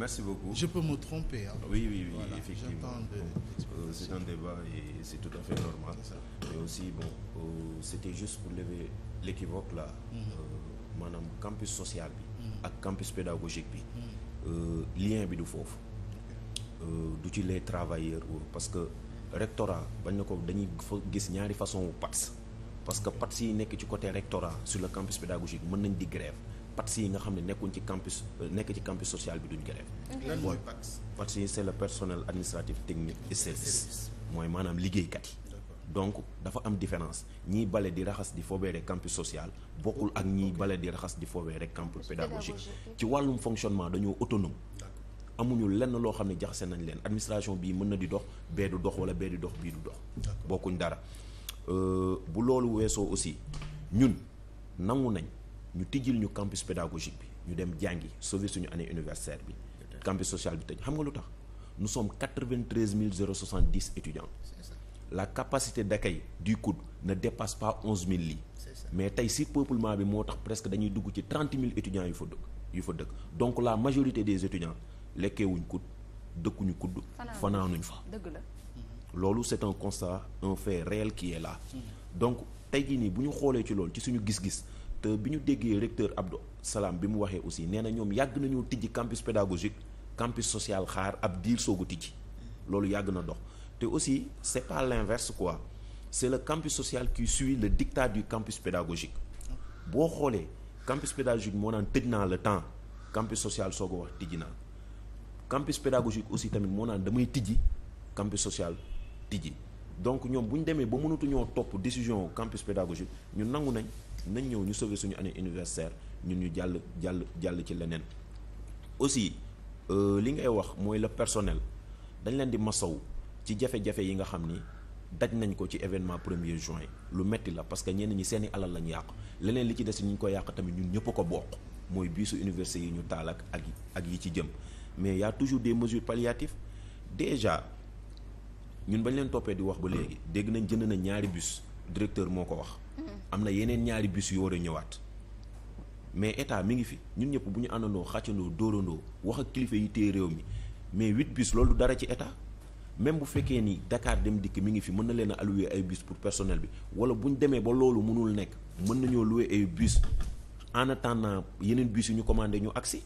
merci beaucoup. Je peux me tromper. Hein. Oui, oui, oui, effectivement. Euh, c'est un débat c'est tout à fait normal. Mais aussi, bon, euh, c'était juste pour lever l'équivoque là. Mm -hmm. maanaam campus social bi. Mm. ak campus pédagogique bi. Mm euh, lien bi du foofu. du ci les travailleurs parce que rectorat bañ na ko dañuy gis ñaari façon wu PATS. parce que PATS yi nekk ci côté rectorat sur le campus pédagogique mën nañ di grève PATS yi nga xam ne nekkuñ ci campus euh, nekk ci campus social bi duñ grève. lan mooy PATS PATS yi c'est le personnel administratif technique et service. mooy maanaam liggéeykat yi. donc dafa am différence ñiy bale di raxas di foobee rek campus social bokkul ak ñiy bale di raxas di foobee rek campus pédagogique ci wàllum fonctionnement dañoo autonome amuñu lenn loo xam ne jaxase nañ leen administration bii mën na di dox bee du dox wala bee dox bii du dox bokkuñ dara euh, bu loolu weesoo aussi ñun nangu nañ ñu tijjil ñu campus pédagogique bi ñu dem jàngi sauver suñu année universitaire bi campus social bi tëj xam nga lu tax nous sommes 93 070 étudiants la capacité d'accueil du COUD ne dépasse pas 11 000 lits mais tey si surpeuplement bi moo tax presque dañuy dugg ci 30 mille étudiants yu fa dëkk yu fa dëkk donc la majorité des étudiants lekkeewuñ COUD dëkkuñu COUD fanaanuñ fa dëgg la mmh. loolu c'est un constat un fait réel qui mmh. donc tey jii nii bu ñu xoolee ci loolu ci suñu gis-gis te bi ñu déggee recteur Abdou Salam bi mu waxee aussi nee na ñoom yàgg nañoo tijji campus pédagogique campus social xaar ab diir soog a tijji loolu yàgg na dox te aussi c'est pas l'inverse quoi c'est le campus social qui suit le dictat du campus pédagogique boo xoolee campus pédagogique moo naan tëj naa le temps campus social soog a wax tijji naa campus pédagogique aussi tamit moo naan damay tijji campus social tijji donc ñoom bu ñu demee ba mënatuñoo topp décision campus pédagogique ñu nangu nañ nañ ñëw ñu sauver suñu année universitaire ñun ñu jàll jàll jàll ci leneen aussi euh, li ngay wax mooy le personnel dañ leen di masaw ci jafe-jafe yi nga xam ni daj nañ ko ci événement premier juin lu metti la parce que ñenn ñi seeni alal lañ yàq leneen li ci des ñu ko yàq tamit ñun ñëpp ko bokk mooy biisu université yi ñu taal ak ak ak yi ci jëm mais y toujours des mesures palliatives déjà ñun bañ leen toppee di wax ba léegi dégg nañ jënd na ñaari bus directeur moo ko wax am na yeneen ñaari bus yu war a ñëwaat mais état mi ngi fi ñun ñëpp bu ñu àndandoo xàccandoo dóorandoo wax ak kilifa yi téye réew mi mais huit bus loolu dara ci état même bu fekkee ni Dakar dem dikk mi ngi fi mën na leen a ay bus pour personnel bi wala bu ñu demee ba loolu mënul nekk mën nañoo louer ay bus en attendant yeneen bis yu ñu commandé ñu agsi